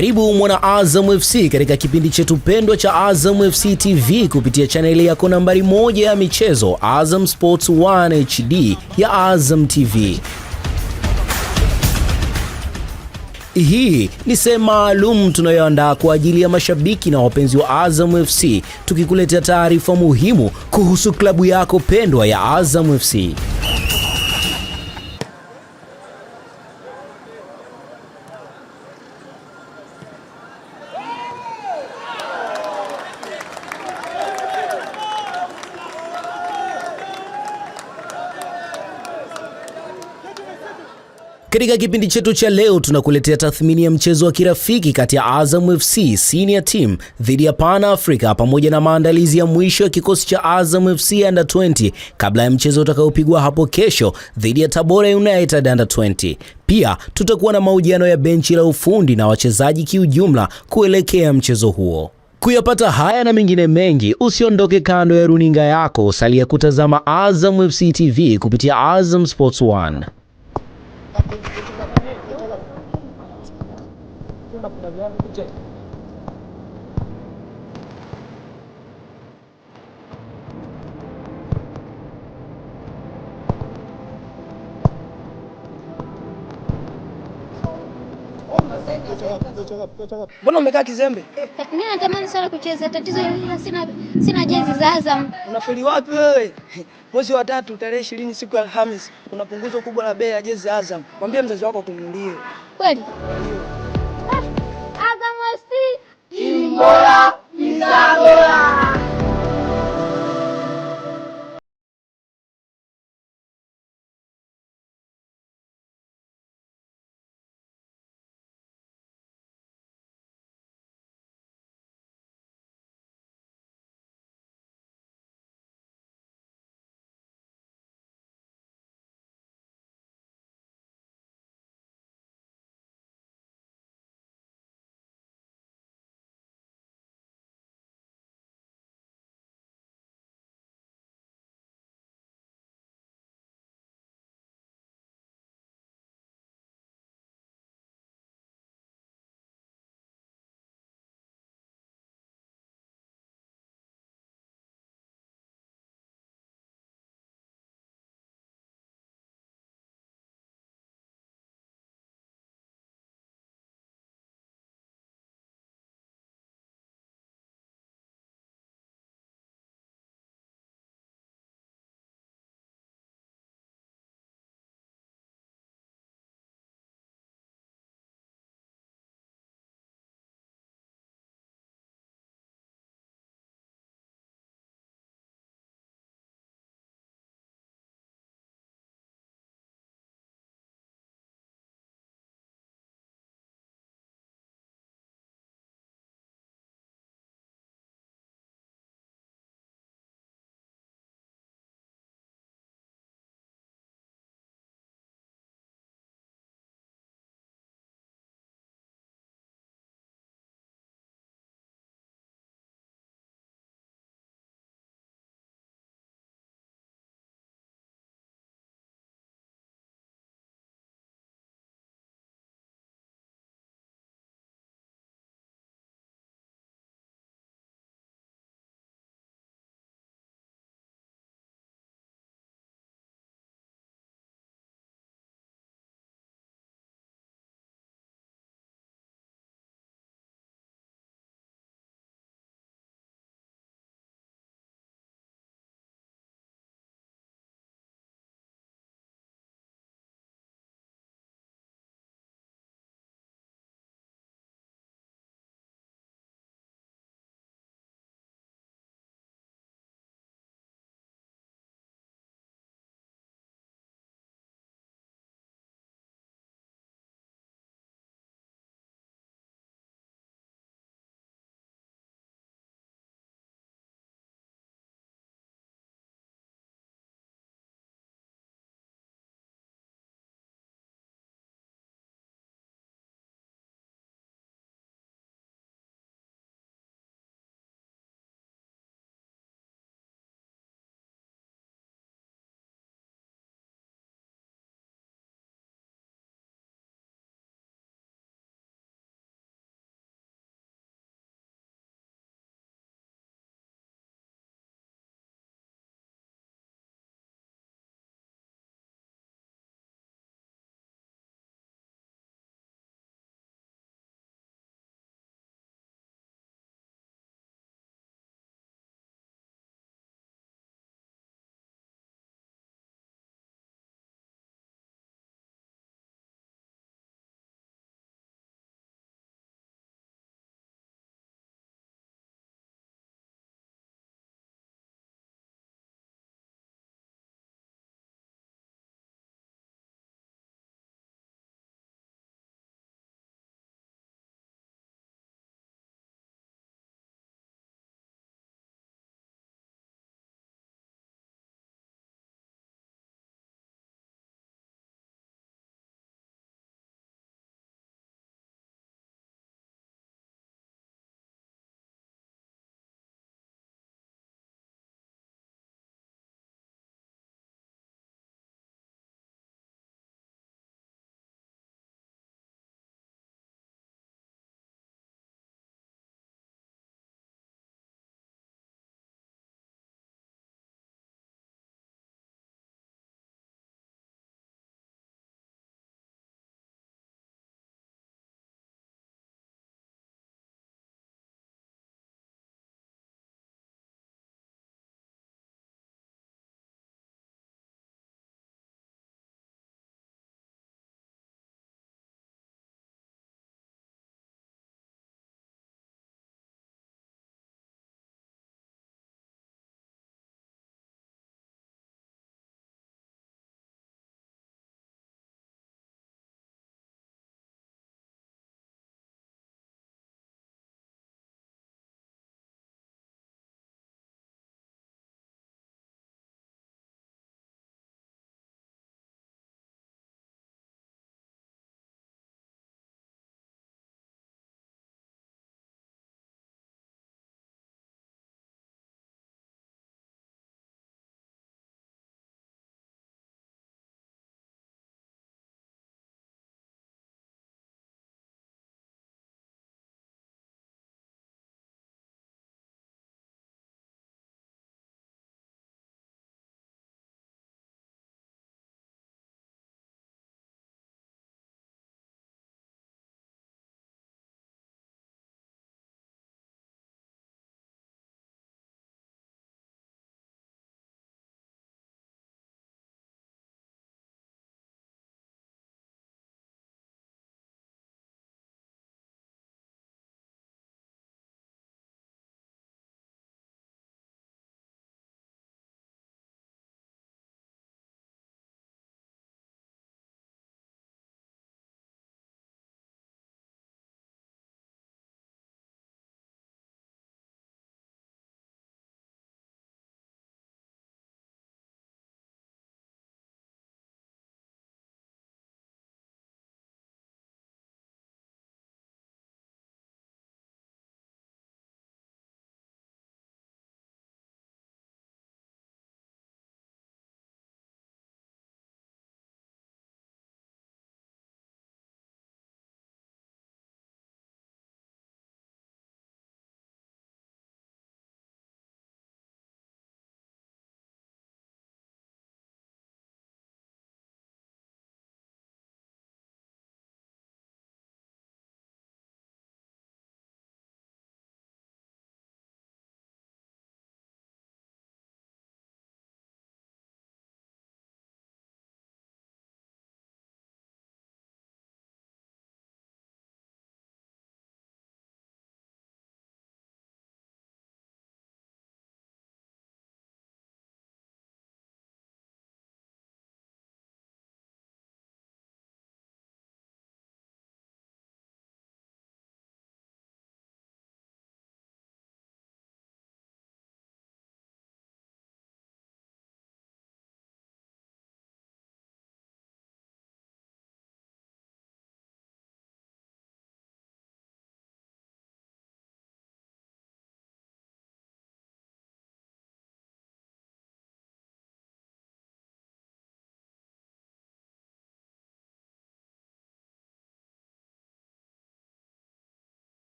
Karibu mwana Azam FC katika kipindi chetu pendwa cha Azam FC TV kupitia chaneli yako nambari moja ya michezo Azam Sports 1 HD ya Azam TV. Hii ni sehemu maalum tunayoandaa kwa ajili ya mashabiki na wapenzi wa Azam FC, tukikuletea taarifa muhimu kuhusu klabu yako pendwa ya Azam FC. Katika kipindi chetu cha leo tunakuletea tathmini ya mchezo wa kirafiki kati ya Azam FC Senior Team dhidi ya Pan Africa pamoja na maandalizi ya mwisho ya kikosi cha Azam FC Under 20 kabla ya mchezo utakaopigwa hapo kesho dhidi ya Tabora United Under 20. Pia tutakuwa na mahojiano ya benchi la ufundi na wachezaji kiujumla kuelekea mchezo huo. Kuyapata haya na mengine mengi, usiondoke kando ya runinga yako, salia kutazama Azam FC TV kupitia Azam Sports 1. Thank you. Mbona umekaa kizembe? Mimi natamani sana kucheza, tatizo ni sina sina jezi za Azam. Unafeli wapi wewe? Mwezi wa tatu tarehe ishirini siku ya Alhamisi kuna punguzo kubwa la bei ya jezi za Azam. Mwambie mzazi wako akununulie. Kweli?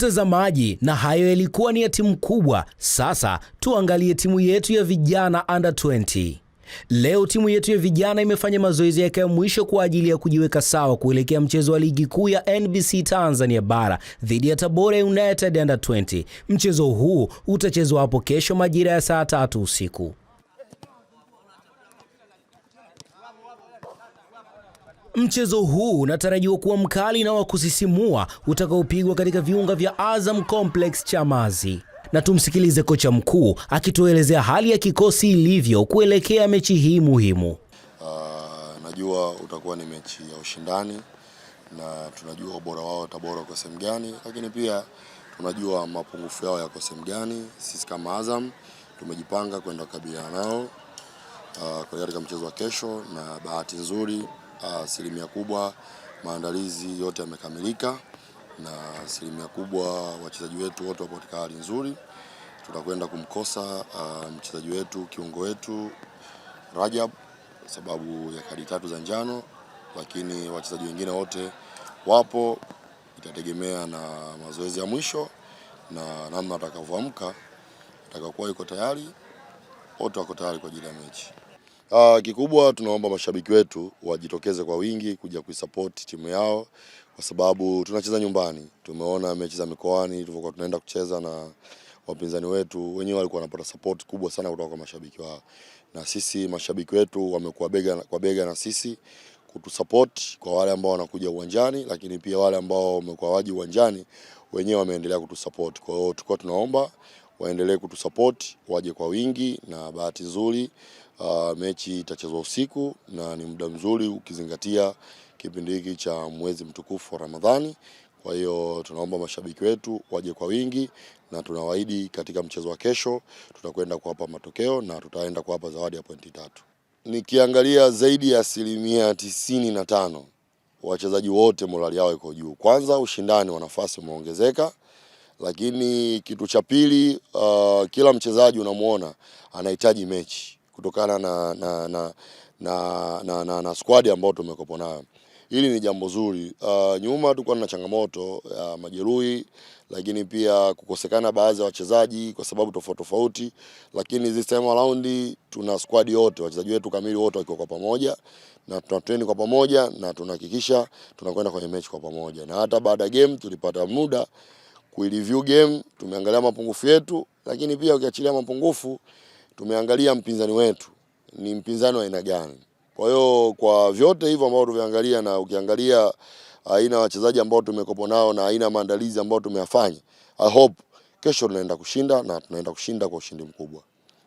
Mtazamaji, na hayo yalikuwa ni ya timu kubwa. Sasa tuangalie timu yetu ya vijana under 20. Leo timu yetu ya vijana imefanya mazoezi yake ya mwisho kwa ajili ya kujiweka sawa kuelekea mchezo wa ligi kuu ya NBC Tanzania bara dhidi ya Tabora United under 20. Mchezo huu utachezwa hapo kesho majira ya saa tatu usiku. Mchezo huu unatarajiwa kuwa mkali na wa kusisimua utakaopigwa katika viunga vya Azam Complex Chamazi, na tumsikilize kocha mkuu akituelezea hali ya kikosi ilivyo kuelekea mechi hii muhimu. Uh, najua utakuwa ni mechi ya ushindani na tunajua ubora wao utabora kwa sehemu gani, lakini pia tunajua mapungufu yao yako sehemu gani. Sisi kama Azam tumejipanga kwenda kukabiliana nao uh, katika mchezo wa kesho, na bahati nzuri asilimia kubwa maandalizi yote yamekamilika, na asilimia kubwa wachezaji wetu wote wapo katika hali nzuri. Tutakwenda kumkosa ah, mchezaji wetu kiungo wetu Rajab sababu ya kadi tatu za njano, lakini wachezaji wengine wote wapo. Itategemea na mazoezi ya mwisho na namna atakavyoamka, atakakuwa yuko tayari, wote wako tayari kwa ajili ya mechi. Uh, kikubwa tunaomba mashabiki wetu wajitokeze kwa wingi kuja kuisapoti timu yao kwa sababu tunacheza nyumbani. Tumeona mechi za mikoani tulivyokuwa tunaenda kucheza na wapinzani wetu, wenyewe walikuwa wanapata support kubwa sana kutoka kwa mashabiki wao, na sisi mashabiki wetu wamekuwa bega kwa bega na sisi kutusupport kwa wale ambao wanakuja uwanjani, lakini pia wale ambao wamekuwa waji uwanjani wenyewe wameendelea kutusupport. Kwa hiyo tulikuwa tunaomba waendelee kutusupport, waje kwa wingi, na bahati nzuri Uh, mechi itachezwa usiku na ni muda mzuri ukizingatia kipindi hiki cha mwezi mtukufu wa Ramadhani. Kwa hiyo tunaomba mashabiki wetu waje kwa wingi, na tunawaahidi katika mchezo wa kesho tutakwenda kuwapa matokeo na tutaenda kuwapa zawadi ya pointi tatu. Nikiangalia zaidi ya asilimia tisini na tano wachezaji wote morali yao iko juu. Kwanza ushindani wa nafasi umeongezeka, lakini kitu cha pili, uh, kila mchezaji unamwona anahitaji mechi kutokana na, na, na, na, na, na, na na squad ambayo tumekopa nayo. Hili ni jambo zuri. Uh, nyuma tulikuwa na changamoto ya uh, majeruhi, lakini pia kukosekana baadhi ya wachezaji kwa sababu tofauti tofauti, lakini this time around tuna squad yote, wachezaji wetu kamili wote wakiwa kwa pamoja na tuna train kwa pamoja na tunahakikisha tunakwenda kwenye mechi kwa pamoja, na hata baada ya game tulipata muda kuireview game, tumeangalia mapungufu yetu, lakini pia ukiachilia mapungufu tumeangalia mpinzani wetu ni mpinzani wa aina gani. Kwa hiyo kwa vyote hivyo ambao tumeangalia na ukiangalia aina ya wachezaji ambao tumekopo nao na aina ya maandalizi ambayo tumeyafanya, I hope kesho tunaenda kushinda na tunaenda kushinda kwa ushindi mkubwa.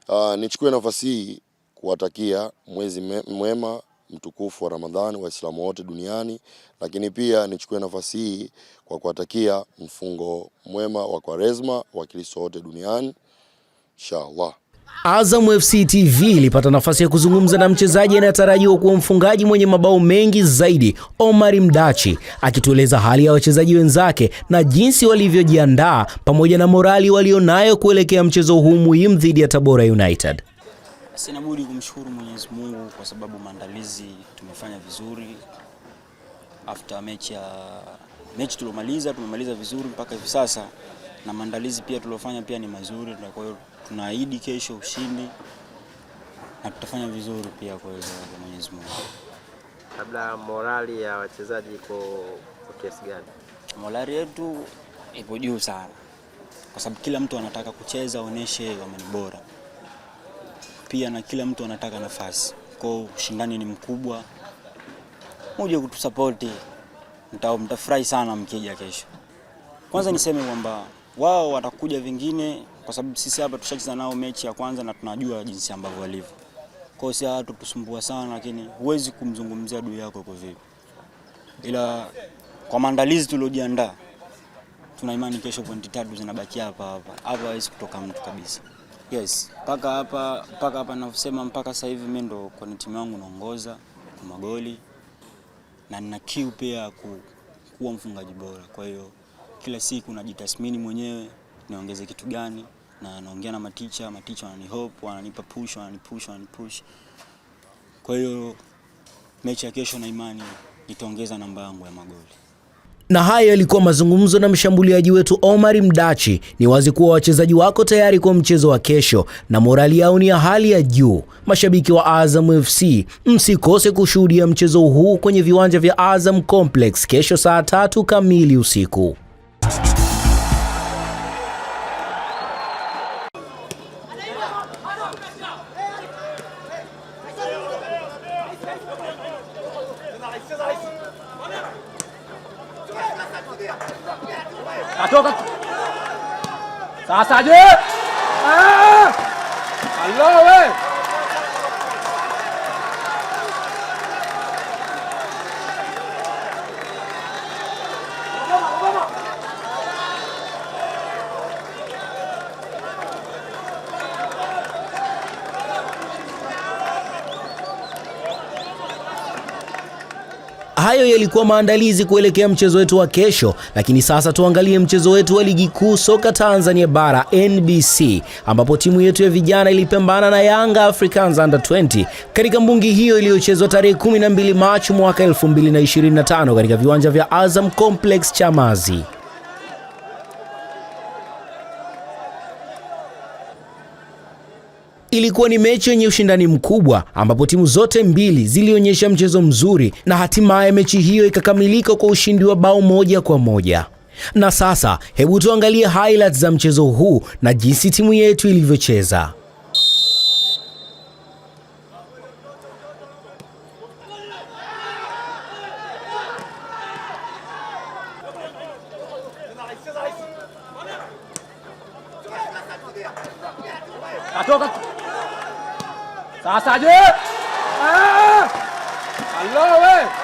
Uh, nichukue nafasi hii kuwatakia mwezi mwema mtukufu wa Ramadhani Waislamu wote duniani, lakini pia nichukue nafasi hii kwa kuwatakia mfungo mwema wa Kwaresma Wakristo wote duniani inshallah. Azam FC TV ilipata nafasi ya kuzungumza na mchezaji anayetarajiwa kuwa mfungaji mwenye mabao mengi zaidi, Omari Mdachi, akitueleza hali ya wachezaji wenzake na jinsi walivyojiandaa pamoja na morali walionayo kuelekea mchezo huu muhimu dhidi ya Tabora United. Sina budi kumshukuru Mwenyezi Mungu kwa sababu maandalizi tumefanya vizuri. After mechi ya mechi tuliomaliza, tumemaliza vizuri mpaka hivi sasa, na maandalizi pia tuliofanya pia ni mazuri, kwa hiyo tunaahidi kesho ushindi na tutafanya vizuri pia kwa uwezo wa Mwenyezi Mungu. Labda morali ya wachezaji iko kwa kiasi gani? Morali yetu ipo juu sana, kwa sababu kila mtu anataka kucheza, aoneshe kama ni bora pia, na kila mtu anataka nafasi. Kwa hiyo ushindani ni mkubwa, muje kutusapoti, mtafurahi sana mkija kesho. Kwanza niseme kwamba wao watakuja vingine kwa sababu sisi hapa tushacheza nao mechi ya kwanza na tunajua jinsi ambavyo walivyo. Kwa hiyo si hatu tusumbua sana, lakini huwezi kumzungumzia adui yako kwa vipi, ila kwa maandalizi tuliojiandaa, tuna imani kesho pointi tatu zinabaki hapa hapa hapa, hawezi kutoka mtu kabisa. Yes, mpaka hapa mpaka hapa navyosema, mpaka sasa hivi mimi ndo kwenye timu yangu naongoza kwa magoli na nina kiu pia ku, kuwa mfungaji bora. Kwa hiyo kila siku najitathmini mwenyewe niongeze kitu gani, na naongea na maticha, maticha wanani hope, wananipa push, wanani push, wanani push. Kwa hiyo mechi ya kesho na imani nitaongeza namba yangu ya magoli. Na haya yalikuwa mazungumzo na mshambuliaji wetu Omari Mdachi. Ni wazi kuwa wachezaji wako tayari kwa mchezo wa kesho na morali yao ni ya hali ya juu. Mashabiki wa Azam FC msikose kushuhudia mchezo huu kwenye viwanja vya Azam Complex kesho saa tatu kamili usiku. 가져 가져 사사즈 아 알라 아! 아, 왜 yalikuwa maandalizi kuelekea mchezo wetu wa kesho, lakini sasa tuangalie mchezo wetu wa ligi kuu soka Tanzania bara NBC, ambapo timu yetu ya vijana ilipambana na Yanga Africans Under 20 katika mbungi hiyo iliyochezwa tarehe 12 Machi mwaka 2025 katika viwanja vya Azam Complex Chamazi. Ilikuwa ni mechi yenye ushindani mkubwa ambapo timu zote mbili zilionyesha mchezo mzuri na hatimaye mechi hiyo ikakamilika kwa ushindi wa bao moja kwa moja. Na sasa hebu tuangalie highlights za mchezo huu na jinsi timu yetu ilivyocheza. Atoka 莎莎姐，啊，h e l 喂。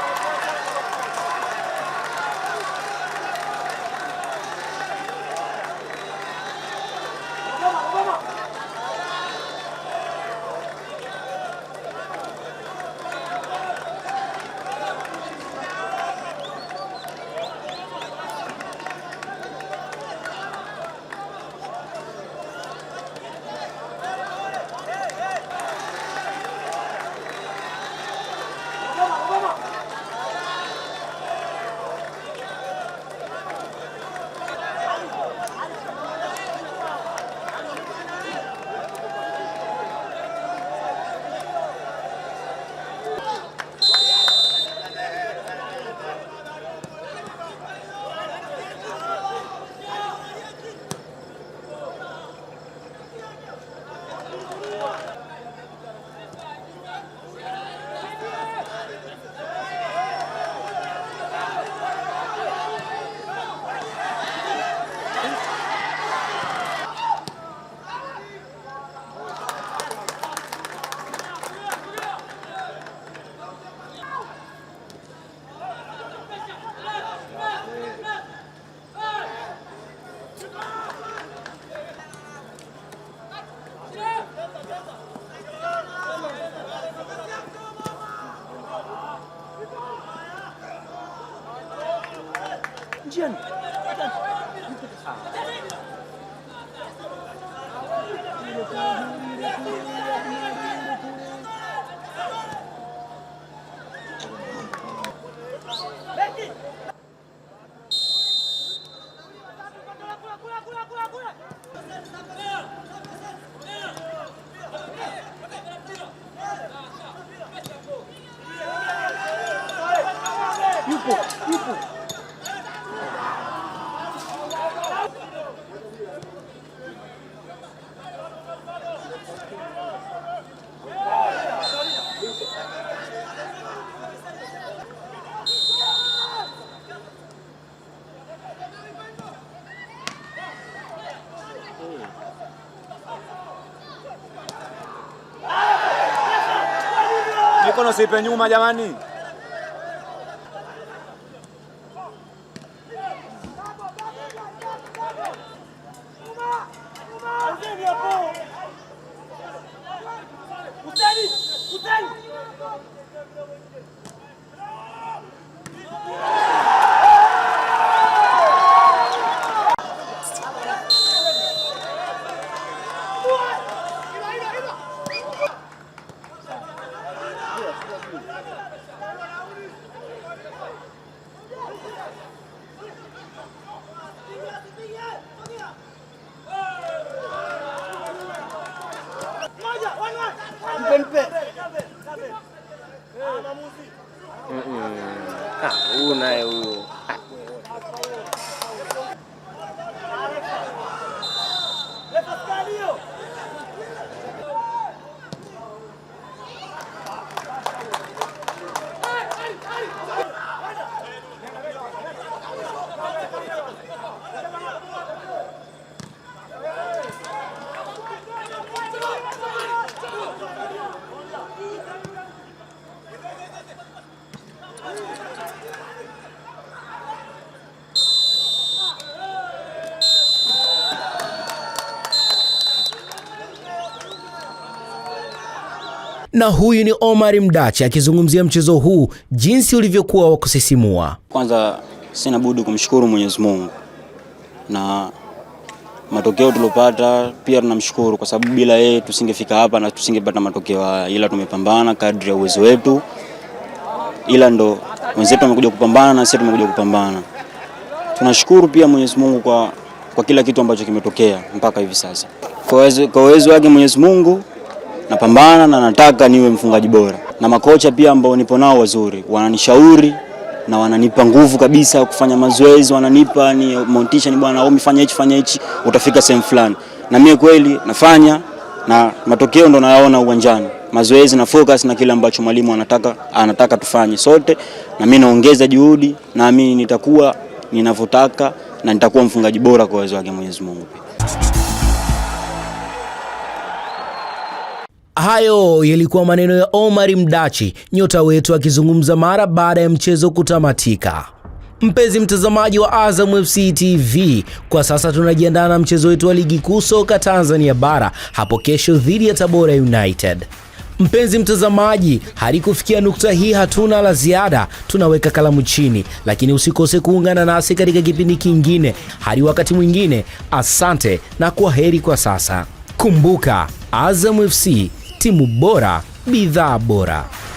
Jen. Jin. Mikono sipe nyuma jamani. What? Na huyu ni Omar Mdachi akizungumzia mchezo huu jinsi ulivyokuwa wa kusisimua. Kwanza sina budi kumshukuru Mwenyezi Mungu na matokeo tuliopata, pia tunamshukuru kwa sababu bila yeye tusingefika hapa na tusingepata matokeo haya, ila tumepambana kadri ya uwezo wetu, ila ndo wenzetu wamekuja kupambana na sisi tumekuja kupambana. Tunashukuru pia Mwenyezi Mungu kwa, kwa kila kitu ambacho kimetokea mpaka hivi sasa, kwa uwezo wake Mwenyezi Mungu napambana na nataka niwe mfungaji bora, na makocha pia ambao nipo nao wazuri wananishauri na wananipa nguvu kabisa kufanya mazoezi, wananipa ni motisha, ni bwana, au mifanya hichi fanya hichi, utafika sehemu fulani. Na mimi kweli nafanya, na matokeo ndo nayaona uwanjani, mazoezi na focus na kile ambacho mwalimu anataka anataka tufanye sote, na mimi naongeza juhudi, naamini nitakuwa ninavyotaka na nitakuwa mfungaji bora kwa uwezo wake Mwenyezi Mungu pia. Hayo yalikuwa maneno ya Omar Mdachi, nyota wetu akizungumza mara baada ya mchezo kutamatika. Mpenzi mtazamaji wa Azam FC TV, kwa sasa tunajiandaa na mchezo wetu wa ligi kuu soka Tanzania bara hapo kesho dhidi ya Tabora United. Mpenzi mtazamaji, hadi kufikia nukta hii hatuna la ziada, tunaweka kalamu chini, lakini usikose kuungana nasi katika kipindi kingine. Hadi wakati mwingine, asante na kwa heri kwa sasa. Kumbuka, Azam FC timu bora, bidhaa bora.